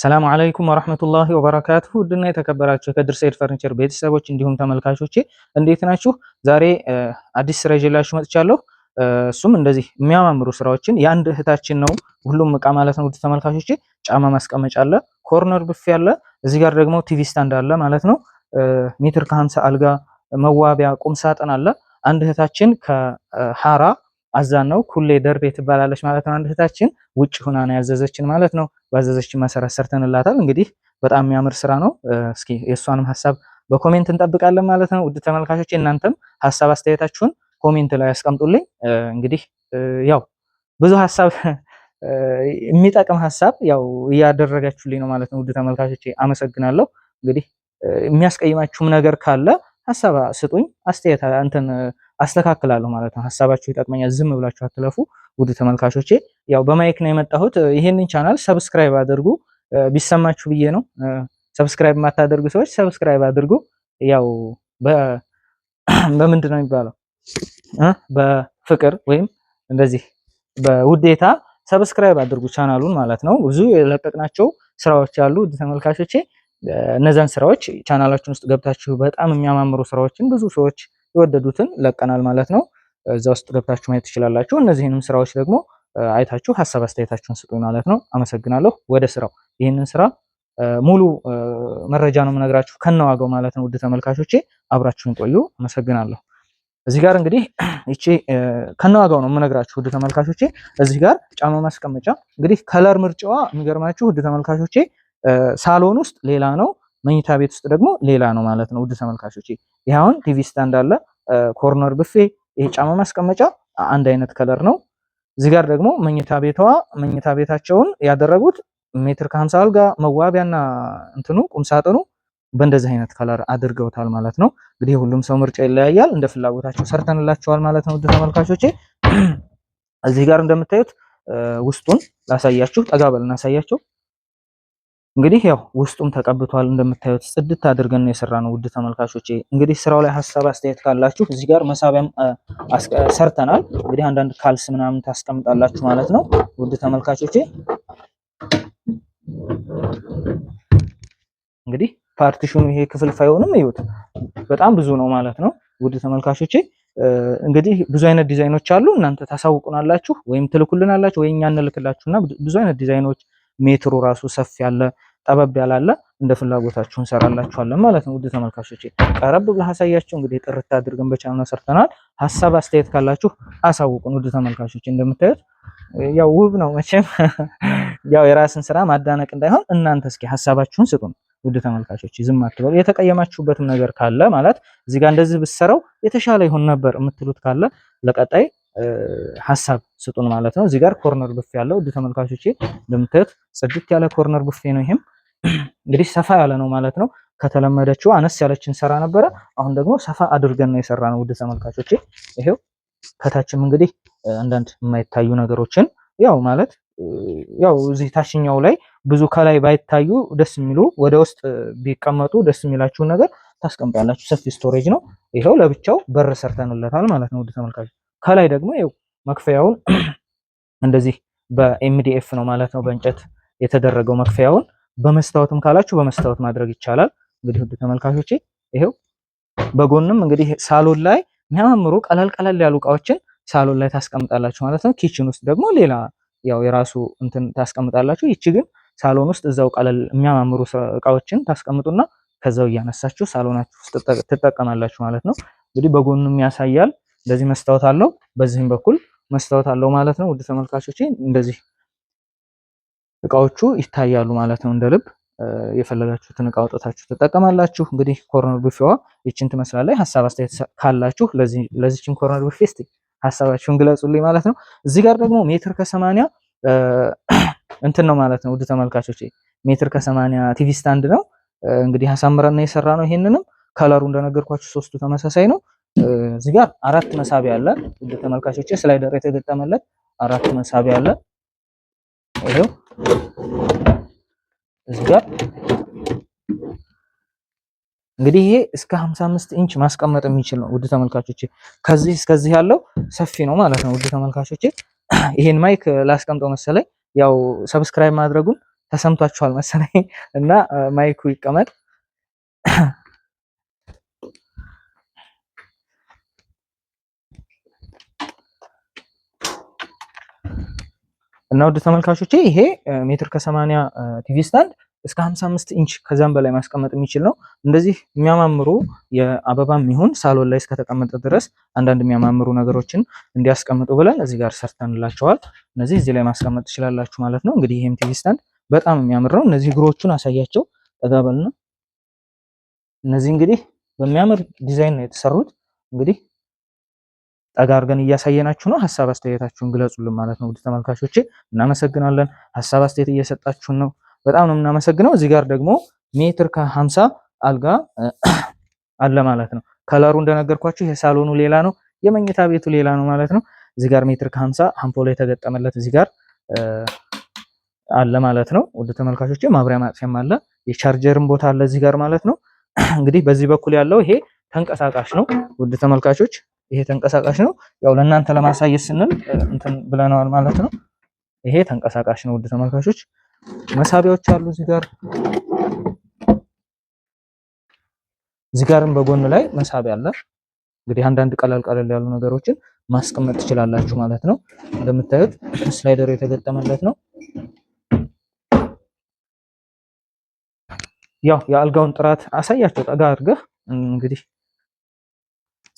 ሰላም አለይኩም ወራህመቱላሂ ወበረካቱሁ ውድና የተከበራችሁ ከድር ሰይድ ፈርኒቸር ቤተሰቦች እንዲሁም ተመልካቾች እንዴት ናችሁ? ዛሬ አዲስ ስራ ይዤላችሁ መጥቻለሁ። እሱም እንደዚህ የሚያማምሩ ስራዎችን የአንድ እህታችን ነው ሁሉም እቃ ማለት ነው። ውድ ተመልካቾቼ ጫማ ማስቀመጫ አለ፣ ኮርነር ብፌ አለ፣ እዚህ ጋር ደግሞ ቲቪ ስታንድ አለ ማለት ነው። ሜትር ከ50 አልጋ፣ መዋቢያ ቁም ሳጥን አለ። አንድ እህታችን ከሀራ አዛን ነው ኩሌ ደርቤ ትባላለች ማለት ነው። አንድ እህታችን ውጭ ሁና ነው ያዘዘችን ማለት ነው። ባዘዘችን መሰረት ሰርተንላታል። እንግዲህ በጣም የሚያምር ስራ ነው። እስኪ የእሷንም ሀሳብ በኮሜንት እንጠብቃለን ማለት ነው። ውድ ተመልካቾች እናንተም ሀሳብ አስተያየታችሁን ኮሜንት ላይ ያስቀምጡልኝ። እንግዲህ ያው ብዙ ሀሳብ የሚጠቅም ሀሳብ ያው እያደረጋችሁልኝ ነው ማለት ነው። ውድ ተመልካቾች አመሰግናለሁ። እንግዲህ የሚያስቀይማችሁም ነገር ካለ ሀሳብ ስጡኝ። አስተያየት እንትን አስተካክላለሁ ማለት ነው። ሀሳባችሁ ይጠቅመኛል፣ ዝም ብላችሁ አትለፉ። ውድ ተመልካቾቼ ያው በማይክ ነው የመጣሁት። ይህንን ቻናል ሰብስክራይብ አድርጉ፣ ቢሰማችሁ ብዬ ነው። ሰብስክራይብ የማታደርጉ ሰዎች ሰብስክራይብ አድርጉ። ያው በምንድን ነው የሚባለው በፍቅር ወይም እንደዚህ በውዴታ ሰብስክራይብ አድርጉ ቻናሉን ማለት ነው። ብዙ የለቀቅናቸው ስራዎች አሉ ውድ ተመልካቾቼ። እነዛን ስራዎች ቻናላችን ውስጥ ገብታችሁ በጣም የሚያማምሩ ስራዎችን ብዙ ሰዎች የወደዱትን ለቀናል ማለት ነው። እዛ ውስጥ ገብታችሁ ማየት ትችላላችሁ። እነዚህንም ስራዎች ደግሞ አይታችሁ ሀሳብ አስተያየታችሁን ስጡኝ ማለት ነው። አመሰግናለሁ። ወደ ስራው ይህንን ስራ ሙሉ መረጃ ነው የምነግራችሁ ከነዋገው ማለት ነው። ውድ ተመልካቾቼ አብራችሁን ቆዩ። አመሰግናለሁ። እዚህ ጋር እንግዲህ ይቺ ከነዋጋው ነው የምነግራችሁ ውድ ተመልካቾቼ። እዚህ ጋር ጫማ ማስቀመጫ እንግዲህ ከለር ምርጫዋ የሚገርማችሁ ውድ ተመልካቾቼ ሳሎን ውስጥ ሌላ ነው መኝታ ቤት ውስጥ ደግሞ ሌላ ነው ማለት ነው። ውድ ተመልካቾች ይህ አሁን ቲቪ ስታንድ አለ፣ ኮርነር ብፌ፣ ይሄ ጫማ ማስቀመጫ አንድ አይነት ከለር ነው። እዚህ ጋር ደግሞ መኝታ ቤቷ መኝታ ቤታቸውን ያደረጉት ሜትር ከ አልጋ መዋቢያና እንትኑ ቁምሳጥኑ በእንደዚህ አይነት ከለር አድርገውታል ማለት ነው። እንግዲህ ሁሉም ሰው ምርጫ ይለያያል፣ እንደ ፍላጎታቸው ሰርተንላቸዋል ማለት ነው። ውድ ተመልካቾቼ እዚህ ጋር እንደምታዩት ውስጡን ላሳያችሁ፣ ጠጋ በል እንግዲህ ያው ውስጡም ተቀብቷል እንደምታዩት ጽድት አድርገን ነው የሰራነው። ውድ ተመልካቾች እንግዲህ ስራው ላይ ሀሳብ አስተያየት ካላችሁ እዚህ ጋር መሳቢያም ሰርተናል። እንግዲህ አንዳንድ ካልስ ምናምን ታስቀምጣላችሁ ማለት ነው። ውድ ተመልካቾች እንግዲህ ፓርቲሽኑ ይሄ ክፍል ፋይሆንም እዩት፣ በጣም ብዙ ነው ማለት ነው። ውድ ተመልካቾቼ እንግዲህ ብዙ አይነት ዲዛይኖች አሉ። እናንተ ታሳውቁናላችሁ ወይም ትልኩልናላችሁ ወይ እኛ እንልክላችሁና ብዙ አይነት ዲዛይኖች ሜትሩ ራሱ ሰፊ ያለ ጠበብ ያላለ እንደ ፍላጎታችሁ እንሰራላችኋለን ማለት ነው። ውድ ተመልካቾች ቀረብ ብለህ አሳያችሁ እንግዲህ ጥርት አድርገን በቻናል ሰርተናል። ሀሳብ አስተያየት ካላችሁ አሳውቁን። ውድ ተመልካቾች እንደምታዩት ያው ውብ ነው መቼም ያው የራስን ስራ ማዳነቅ እንዳይሆን እናንተ እስኪ ሀሳባችሁን ስጡን። ውድ ተመልካቾች ዝም አትበሉ። የተቀየማችሁበትም ነገር ካለ ማለት እዚህ ጋር እንደዚህ ብሰራው የተሻለ ይሆን ነበር የምትሉት ካለ ለቀጣይ ሀሳብ ስጡን ማለት ነው። እዚህ ጋር ኮርነር ቡፌ ያለው ውድ ተመልካቾች እንደምታዩት ጽድት ያለ ኮርነር ቡፌ ነው ይሄም እንግዲህ ሰፋ ያለ ነው ማለት ነው። ከተለመደችው አነስ ያለችን ሰራ ነበረ። አሁን ደግሞ ሰፋ አድርገን ነው የሰራ ነው። ውድ ተመልካቾቼ ይሄው ከታችም እንግዲህ አንዳንድ የማይታዩ ነገሮችን ያው ማለት ያው እዚህ ታችኛው ላይ ብዙ ከላይ ባይታዩ ደስ የሚሉ ወደ ውስጥ ቢቀመጡ ደስ የሚላችሁን ነገር ታስቀምጣላችሁ። ሰፊ ስቶሬጅ ነው። ይኸው ለብቻው በር ሰርተንለታል ማለት ነው። ውድ ተመልካቾች ከላይ ደግሞ ይኸው መክፈያውን እንደዚህ በኤምዲኤፍ ነው ማለት ነው በእንጨት የተደረገው መክፈያውን በመስታወትም ካላችሁ በመስታወት ማድረግ ይቻላል። እንግዲህ ውድ ተመልካቾቼ ይሄው በጎንም እንግዲህ ሳሎን ላይ የሚያማምሩ ቀላል ቀላል ያሉ እቃዎችን ሳሎን ላይ ታስቀምጣላችሁ ማለት ነው። ኪችን ውስጥ ደግሞ ሌላ ያው የራሱ እንትን ታስቀምጣላችሁ። ይቺ ግን ሳሎን ውስጥ እዛው ቀለል የሚያማምሩ እቃዎችን ታስቀምጡና ከዛው እያነሳችሁ ሳሎናችሁ ውስጥ ትጠቀማላችሁ ማለት ነው። እንግዲህ በጎንም ያሳያል። እንደዚህ መስታወት አለው፣ በዚህም በኩል መስታወት አለው ማለት ነው። ውድ ተመልካቾቼ እንደዚህ እቃዎቹ ይታያሉ ማለት ነው። እንደ ልብ የፈለጋችሁትን እቃ አውጥታችሁ ትጠቀማላችሁ። እንግዲህ ኮርነር ቡፌዋ ይችን ትመስላለች። ሀሳብ አስተያየት ካላችሁ ለዚችን ኮርነር ቡፌ እስቲ ሀሳባችሁን ግለጹልኝ ማለት ነው። እዚህ ጋር ደግሞ ሜትር ከሰማንያ እንትን ነው ማለት ነው። ውድ ተመልካቾች ሜትር ከሰማንያ ቲቪ ስታንድ ነው እንግዲህ አሳምረና የሰራ ነው። ይሄንንም ከለሩ እንደነገርኳችሁ ሶስቱ ተመሳሳይ ነው። እዚህ ጋር አራት መሳቢያ አለ። ውድ ተመልካቾች ስላይደር የተገጠመለት አራት መሳቢያ አለ። እዚህ ጋር እንግዲህ ይሄ እስከ 55 ኢንች ማስቀመጥ የሚችል ነው ውድ ተመልካቾቼ። ከዚህ እስከዚህ ያለው ሰፊ ነው ማለት ነው ውድ ተመልካቾቼ። ይሄን ማይክ ላስቀምጠው መሰለኝ። ያው ሰብስክራይብ ማድረጉን ተሰምቷችኋል መሰለኝ እና ማይኩ ይቀመጥ። እና ውድ ተመልካቾቼ ይሄ ሜትር ከሰማንያ ቲቪ ስታንድ እስከ 55 ኢንች ከዛም በላይ ማስቀመጥ የሚችል ነው። እንደዚህ የሚያማምሩ የአበባም ይሁን ሳሎን ላይ እስከተቀመጠ ድረስ አንዳንድ የሚያማምሩ ነገሮችን እንዲያስቀምጡ ብለን እዚህ ጋር ሰርተንላቸዋል። እነዚህ እዚህ ላይ ማስቀመጥ ትችላላችሁ ማለት ነው። እንግዲህ ይህም ቲቪ ስታንድ በጣም የሚያምር ነው። እነዚህ እግሮቹን አሳያቸው ጠጋበልና እነዚህ እንግዲህ በሚያምር ዲዛይን ነው የተሰሩት። እንግዲህ ጠጋ አድርገን እያሳየናችሁ ነው። ሀሳብ አስተያየታችሁን ግለጹልን ማለት ነው። ውድ ተመልካቾቼ እናመሰግናለን። ሀሳብ አስተያየት እየሰጣችሁን ነው። በጣም ነው የምናመሰግነው። እዚህ ጋር ደግሞ ሜትር ከሀምሳ አልጋ አለ ማለት ነው። ከለሩ እንደነገርኳችሁ የሳሎኑ ሌላ ነው፣ የመኝታ ቤቱ ሌላ ነው ማለት ነው። እዚህ ጋር ሜትር ከሀምሳ አምፖል የተገጠመለት እዚህ ጋር አለ ማለት ነው። ውድ ተመልካቾቼ ማብሪያ ማጥፊያም አለ፣ የቻርጀርም ቦታ አለ እዚህ ጋር ማለት ነው። እንግዲህ በዚህ በኩል ያለው ይሄ ተንቀሳቃሽ ነው ውድ ተመልካቾች ይሄ ተንቀሳቃሽ ነው። ያው ለእናንተ ለማሳየት ስንል እንትን ብለናል ማለት ነው። ይሄ ተንቀሳቃሽ ነው። ውድ ተመልካቾች መሳቢያዎች አሉ እዚህ ጋር እዚህ ጋርም በጎን ላይ መሳቢያ አለ። እንግዲህ አንዳንድ ቀለል ቀለል ያሉ ነገሮችን ማስቀመጥ ትችላላችሁ ማለት ነው። እንደምታዩት ስላይደር የተገጠመለት ነው። ያው የአልጋውን ጥራት አሳያቸው ጠጋ አድርገህ እንግዲህ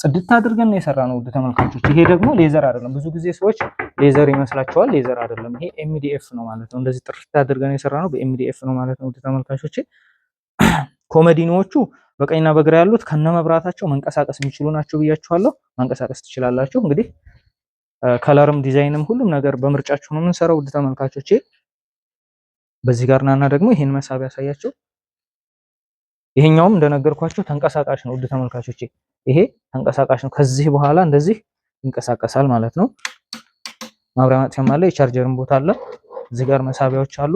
ጽድት አድርገን ነው የሰራነው ውድ ተመልካቾች። ይሄ ደግሞ ሌዘር አይደለም። ብዙ ጊዜ ሰዎች ሌዘር ይመስላቸዋል። ሌዘር አይደለም። ይሄ ኤምዲኤፍ ነው ማለት ነው። እንደዚህ ጥርት አድርገን የሰራነው በኤምዲኤፍ ነው ማለት ነው ውድ ተመልካቾች። ኮመዲኖዎቹ በቀኝና በግራ ያሉት ከነመብራታቸው መንቀሳቀስ የሚችሉ ናቸው ብያችኋለሁ። መንቀሳቀስ ትችላላችሁ እንግዲህ ከለርም ዲዛይንም ሁሉም ነገር በምርጫችሁ ነው የምንሰራው ውድ ተመልካቾቼ። በዚህ ጋር ናና ደግሞ ይሄን መሳቢያ ያሳያችሁ። ይሄኛውም እንደነገርኳችሁ ተንቀሳቃሽ ነው ውድ ተመልካቾቼ። ይሄ ተንቀሳቃሽ ነው። ከዚህ በኋላ እንደዚህ ይንቀሳቀሳል ማለት ነው። ማብሪያ ማጥፊያም አለ። የቻርጀርም ቦታ አለ። እዚህ ጋር መሳቢያዎች አሉ።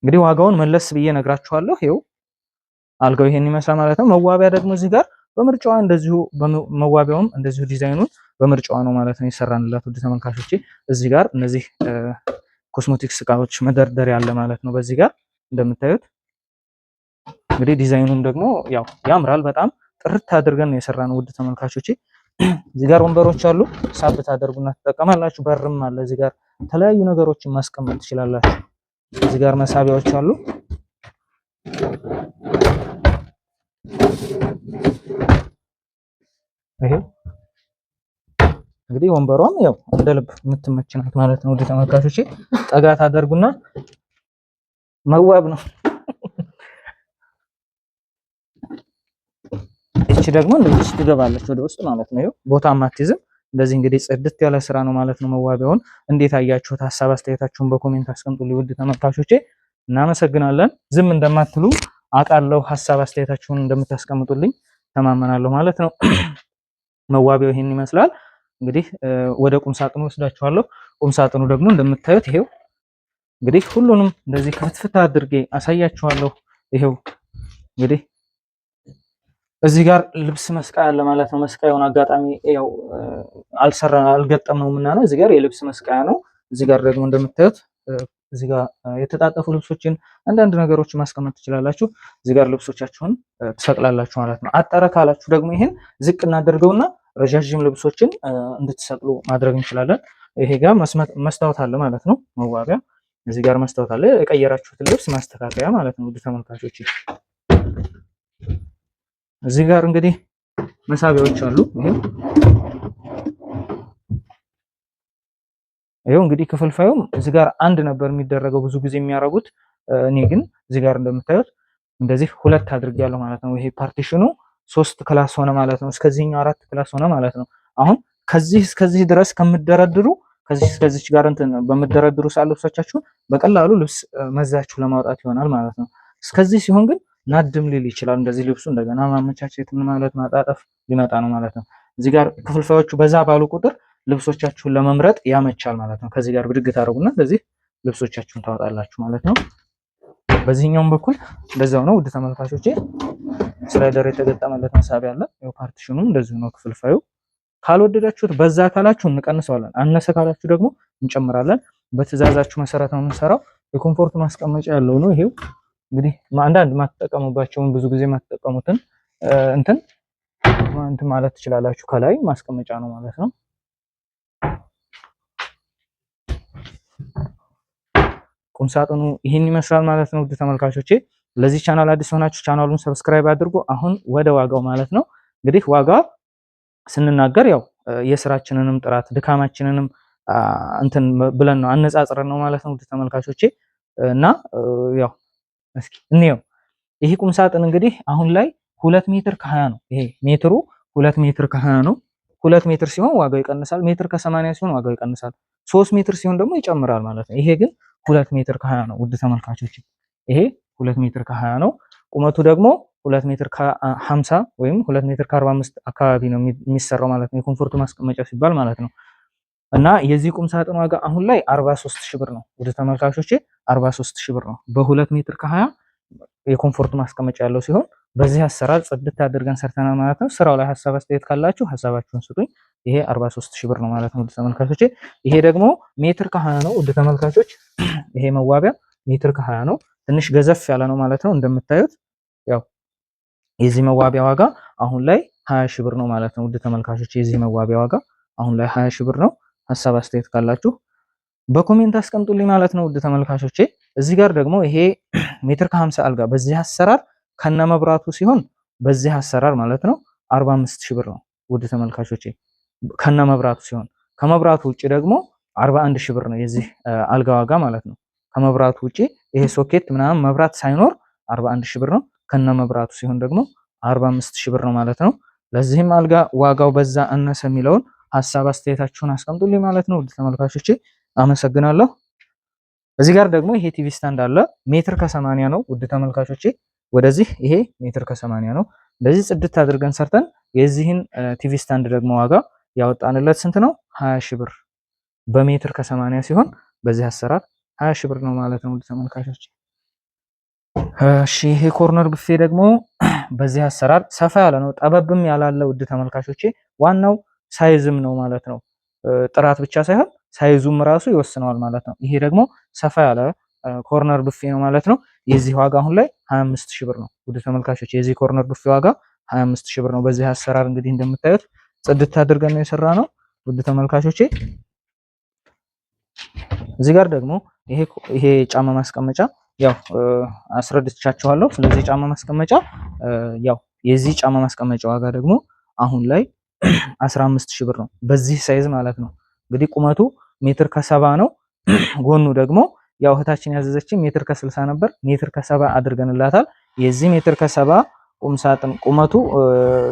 እንግዲህ ዋጋውን መለስ ብዬ ነግራችኋለሁ። ይኸው አልጋው ይሄን ይመስላል ማለት ነው። መዋቢያ ደግሞ እዚህ ጋር በምርጫዋ እንደዚሁ መዋቢያውም እንደዚሁ ዲዛይኑን በምርጫዋ ነው ማለት ነው የሰራንላት። ውድ ተመልካቾቼ እዚህ ጋር እነዚህ ኮስሞቲክስ እቃዎች መደርደሪያ አለ ማለት ነው። በዚህ ጋር እንደምታዩት እንግዲህ ዲዛይኑም ደግሞ ያው ያምራል። በጣም ጥርት አድርገን ነው የሰራነው ውድ ተመልካቾች እዚህ ጋር ወንበሮች አሉ፣ ሳብ ታደርጉና ትጠቀማላችሁ። በርም አለ እዚህ ጋር የተለያዩ ነገሮችን ማስቀመጥ ትችላላችሁ። እዚህ ጋር መሳቢያዎች አሉ። ይሄ እንግዲህ ወንበሯም ያው እንደ ልብ የምትመችናት ማለት ነው። ውድ ተመልካቾች ጠጋት ታደርጉና መዋብ ነው። እቺ ደግሞ እንደዚህ ትገባለች ወደ ውስጥ ማለት ነው። ይኸው ቦታ አትይዝም። እንደዚህ እንግዲህ ጽድት ያለ ስራ ነው ማለት ነው። መዋቢያውን እንዴት አያችሁት? ሀሳብ አስተያየታችሁን በኮሜንት አስቀምጡልኝ። ውድ ተመልካቾቼ እናመሰግናለን። ዝም እንደማትሉ አውቃለሁ። ሀሳብ አስተያየታችሁን እንደምታስቀምጡልኝ ተማመናለሁ ማለት ነው። መዋቢያው ይሄን ይመስላል። እንግዲህ ወደ ቁም ሳጥኑ ወስዳችኋለሁ። ቁም ሳጥኑ ደግሞ እንደምታዩት ይሄው እንግዲህ ሁሉንም እንደዚህ ከፍትፍታ አድርጌ አሳያችኋለሁ። ይሄው እንግዲህ እዚህ ጋር ልብስ መስቀያ አለ ማለት ነው። መስቀያውን አጋጣሚ ያው አልሰራ አልገጠም ነው ምናምን። እዚህ ጋር የልብስ መስቀያ ነው። እዚህ ጋር ደግሞ እንደምታዩት እዚህ ጋር የተጣጠፉ ልብሶችን አንዳንድ ነገሮችን ማስቀመጥ ትችላላችሁ። እዚህ ጋር ልብሶቻችሁን ትሰቅላላችሁ ማለት ነው። አጠረ ካላችሁ ደግሞ ይሄን ዝቅ እናደርገውና ረዣዥም ልብሶችን እንድትሰቅሉ ማድረግ እንችላለን። ይሄ ጋር መስታወት አለ ማለት ነው። መዋቢያ እዚህ ጋር መስታወት አለ። የቀየራችሁትን ልብስ ማስተካከያ ማለት ነው። ውድ ተመልካቾች እዚህ ጋር እንግዲህ መሳቢያዎች አሉ። ይሄው እንግዲህ ክፍልፋዩም እዚህ ጋር አንድ ነበር የሚደረገው ብዙ ጊዜ የሚያደርጉት። እኔ ግን እዚህ ጋር እንደምታዩት እንደዚህ ሁለት አድርጌያለሁ ማለት ነው። ይሄ ፓርቲሽኑ ሶስት ክላስ ሆነ ማለት ነው። እስከዚህኛው አራት ክላስ ሆነ ማለት ነው። አሁን ከዚህ እስከዚህ ድረስ ከምደረድሩ ከዚህ እስከዚች ጋር እንትን በምደረድሩ ሰዓት ልብሶቻችሁን በቀላሉ ልብስ መዛችሁ ለማውጣት ይሆናል ማለት ነው። እስከዚህ ሲሆን ግን ናድም ሊል ይችላል። እንደዚህ ልብሱ እንደገና ማመቻቸት ምን ማለት ማጣጠፍ ሊመጣ ነው ማለት ነው። እዚህ ጋር ክፍልፋዮቹ በዛ ባሉ ቁጥር ልብሶቻችሁን ለመምረጥ ያመቻል ማለት ነው። ከዚህ ጋር ብድግ ታደርጉና እንደዚህ ልብሶቻችሁን ታወጣላችሁ ማለት ነው። በዚህኛውም በኩል እንደዛው ነው። ውድ ተመልካቾች ስላይደር የተገጠመለት መሳቢያ አለ። ያው ፓርቲሽኑም እንደዚሁ ነው ክፍልፋዩ። ካልወደዳችሁት በዛ ካላችሁ እንቀንሰዋለን፣ አነሰ ካላችሁ ደግሞ እንጨምራለን። በትዕዛዛችሁ መሰረት ነው የምንሰራው። የኮምፎርት ማስቀመጫ ያለው ነው ይሄው እንግዲህ አንዳንድ ማትጠቀሙባቸውን ብዙ ጊዜ ማትጠቀሙትን እንትን እንትን ማለት ትችላላችሁ። ከላይ ማስቀመጫ ነው ማለት ነው። ቁምሳጥኑ ይህን ይመስላል ማለት ነው። ውድ ተመልካቾቼ ለዚህ ቻናል አዲስ ሆናችሁ ቻናሉን ሰብስክራይብ አድርጉ። አሁን ወደ ዋጋው ማለት ነው። እንግዲህ ዋጋ ስንናገር ያው የስራችንንም ጥራት ድካማችንንም እንትን ብለን ነው አነጻጽረን ነው ማለት ነው። ውድ ተመልካቾቼ እና ያው እስኪ እንየው። ይሄ ቁም ሳጥን እንግዲህ አሁን ላይ ሁለት ሜትር ከሀያ ነው። ይሄ ሜትሩ ሁለት ሜትር ከሀያ ነው። ሁለት ሜትር ሲሆን ዋጋው ይቀንሳል። ሜትር ከሰማንያ ሲሆን ዋጋው ይቀንሳል። ሶስት ሜትር ሲሆን ደግሞ ይጨምራል ማለት ነው። ይሄ ግን ሁለት ሜትር ከሀያ ነው። ውድ ተመልካቾች ይሄ ሁለት ሜትር ከሀያ ነው። ቁመቱ ደግሞ ሁለት ሜትር ከሀምሳ ወይም ሁለት ሜትር ከአርባ አምስት አካባቢ ነው የሚሰራው ማለት ነው። የኮንፎርቱ ማስቀመጫ ሲባል ማለት ነው። እና የዚህ ቁም ሳጥን ዋጋ አሁን ላይ 43 ሺህ ብር ነው። ወደ ተመልካቾቼ 43 ሺህ ብር ነው። በ2 ሜትር ከ20 የኮምፎርት ማስቀመጫ ያለው ሲሆን በዚህ አሰራር ጽድት አድርገን ሰርተናል ማለት ነው። ስራው ላይ ሀሳብ አስተያየት ካላችሁ ሀሳባችሁን ስጡኝ። ይሄ 43 ሺህ ብር ነው ማለት ነው ወደ ተመልካቾቼ። ይሄ ደግሞ ሜትር ከ20 ነው ወደ ተመልካቾች። ይሄ መዋቢያ ሜትር ከ20 ነው። ትንሽ ገዘፍ ያለ ነው ማለት ነው። እንደምታዩት ያው የዚህ መዋቢያ ዋጋ አሁን ላይ 20 ሺህ ብር ነው ማለት ነው ውድ ተመልካቾች። የዚህ መዋቢያ ዋጋ አሁን ላይ 20 ሺህ ብር ነው። ሀሳብ አስተያየት ካላችሁ በኮሜንት አስቀምጡልኝ ማለት ነው። ውድ ተመልካቾቼ እዚህ ጋር ደግሞ ይሄ ሜትር ከ50 አልጋ በዚህ አሰራር ከነ መብራቱ ሲሆን በዚህ አሰራር ማለት ነው 45 ሺህ ብር ነው። ውድ ተመልካቾቼ ከነ መብራቱ ሲሆን ከመብራቱ ውጪ ደግሞ 41 ሺህ ብር ነው የዚህ አልጋ ዋጋ ማለት ነው። ከመብራቱ ውጪ ይሄ ሶኬት ምናምን መብራት ሳይኖር 41 ሺህ ብር ነው። ከነ መብራቱ ሲሆን ደግሞ 45 ሺህ ብር ነው ማለት ነው። ለዚህም አልጋ ዋጋው በዛ አነሰ የሚለውን ሀሳብ አስተያየታችሁን አስቀምጡልኝ ማለት ነው። ውድ ተመልካቾች አመሰግናለሁ። እዚህ ጋር ደግሞ ይሄ ቲቪ ስታንድ አለ። ሜትር ከሰማንያ ነው ውድ ተመልካቾች ወደዚህ ይሄ ሜትር ከሰማንያ ነው። እንደዚህ ጽድት አድርገን ሰርተን የዚህን ቲቪ ስታንድ ደግሞ ዋጋ ያወጣንለት ስንት ነው? ሀያ ሺህ ብር በሜትር ከሰማንያ ሲሆን በዚህ አሰራር ሀያ ሺህ ብር ነው ማለት ነው ውድ ተመልካቾች እሺ ይሄ ኮርነር ብፌ ደግሞ በዚህ አሰራር ሰፋ ያለ ነው፣ ጠበብም ያላለ ውድ ተመልካቾቼ ዋናው ሳይዝም ነው ማለት ነው። ጥራት ብቻ ሳይሆን ሳይዙም ራሱ ይወስነዋል ማለት ነው። ይሄ ደግሞ ሰፋ ያለ ኮርነር ብፌ ነው ማለት ነው። የዚህ ዋጋ አሁን ላይ 25 ሺህ ብር ነው። ውድ ተመልካቾች የዚህ ኮርነር ብፌ ዋጋ 25 ሺህ ብር ነው። በዚህ አሰራር እንግዲህ እንደምታዩት ጽድት አድርገን ነው የሰራ ነው። ውድ ተመልካቾቼ እዚህ ጋር ደግሞ ይሄ ይሄ ጫማ ማስቀመጫ ያው አስረድቻችኋለሁ። ስለዚህ ጫማ ማስቀመጫ ያው የዚህ ጫማ ማስቀመጫ ዋጋ ደግሞ አሁን ላይ 15000 ብር ነው። በዚህ ሳይዝ ማለት ነው እንግዲህ ቁመቱ ሜትር ከሰባ ነው። ጎኑ ደግሞ ያው እህታችን ያዘዘችን ሜትር ከስልሳ ነበር ሜትር ከሰባ አድርገንላታል። የዚህ ሜትር ከሰባ ቁም ሳጥን ቁመቱ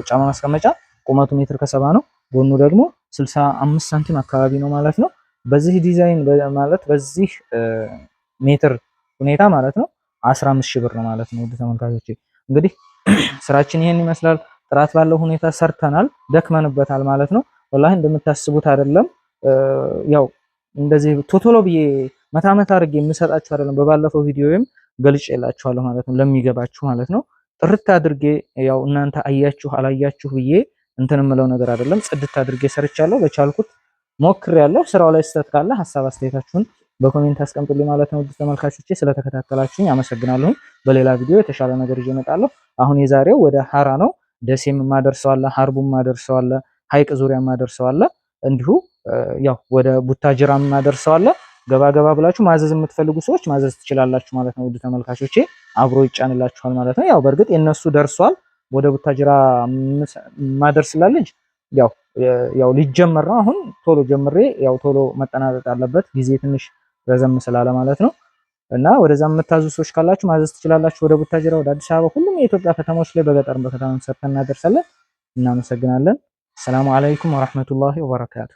ጫማ ማስቀመጫ ቁመቱ ሜትር ከሰባ ነው። ጎኑ ደግሞ 65 ሳንቲም አካባቢ ነው ማለት ነው። በዚህ ዲዛይን ማለት በዚህ ሜትር ሁኔታ ማለት ነው 15000 ብር ነው ማለት ነው። ውድ ተመልካቾች እንግዲህ ስራችን ይሄን ይመስላል። ጥራት ባለው ሁኔታ ሰርተናል፣ ደክመንበታል ማለት ነው። ወላሂ እንደምታስቡት አይደለም። ያው እንደዚህ ቶቶሎ ብዬ መታመት አድርጌ የምሰጣችሁ አይደለም። በባለፈው ቪዲዮም ገልጬላችኋለሁ ማለት ነው፣ ለሚገባችሁ ማለት ነው። ጥርት አድርጌ ያው እናንተ አያችሁ አላያችሁ ብዬ እንትን የምለው ነገር አይደለም። ጽድት አድርጌ ሰርቻለሁ፣ በቻልኩት ሞክሬያለሁ። ስራው ላይ ስህተት ካለ ሀሳብ አስተያየታችሁን በኮሜንት አስቀምጡልኝ ማለት ነው። ውድ ተመልካቾቼ ስለተከታተላችሁኝ አመሰግናለሁ። በሌላ ቪዲዮ የተሻለ ነገር ይዤ እመጣለሁ። አሁን የዛሬው ወደ ሀራ ነው። ደሴም ማደርሰው አለ፣ ሀርቡም ማደርሰው አለ፣ ሀይቅ ዙሪያ ማደርሰዋለ አለ፣ እንዲሁ ያው ወደ ቡታጅራም ማደርሰዋለ አለ። ገባ ገባ ብላችሁ ማዘዝ የምትፈልጉ ሰዎች ማዘዝ ትችላላችሁ ማለት ነው። ውድ ተመልካቾቼ አብሮ ይጫንላችኋል ማለት ነው። ያው በእርግጥ የነሱ ደርሷል ወደ ቡታጅራ ማደርስ ስላለች ያው ያው ሊጀመር ነው። አሁን ቶሎ ጀምሬ ያው ቶሎ መጠናቀቅ አለበት ጊዜ ትንሽ ረዘም ስላለ ማለት ነው። እና ወደዛ የምታዙ ሰዎች ካላችሁ ማዘዝ ትችላላችሁ። ወደ ቡታጅራ፣ ወደ አዲስ አበባ፣ ሁሉም የኢትዮጵያ ከተሞች ላይ በገጠር በከተማ ሰርተን እናደርሳለን። እናመሰግናለን። ሰላሙ አለይኩም ወራህመቱላሂ ወበረካቱ።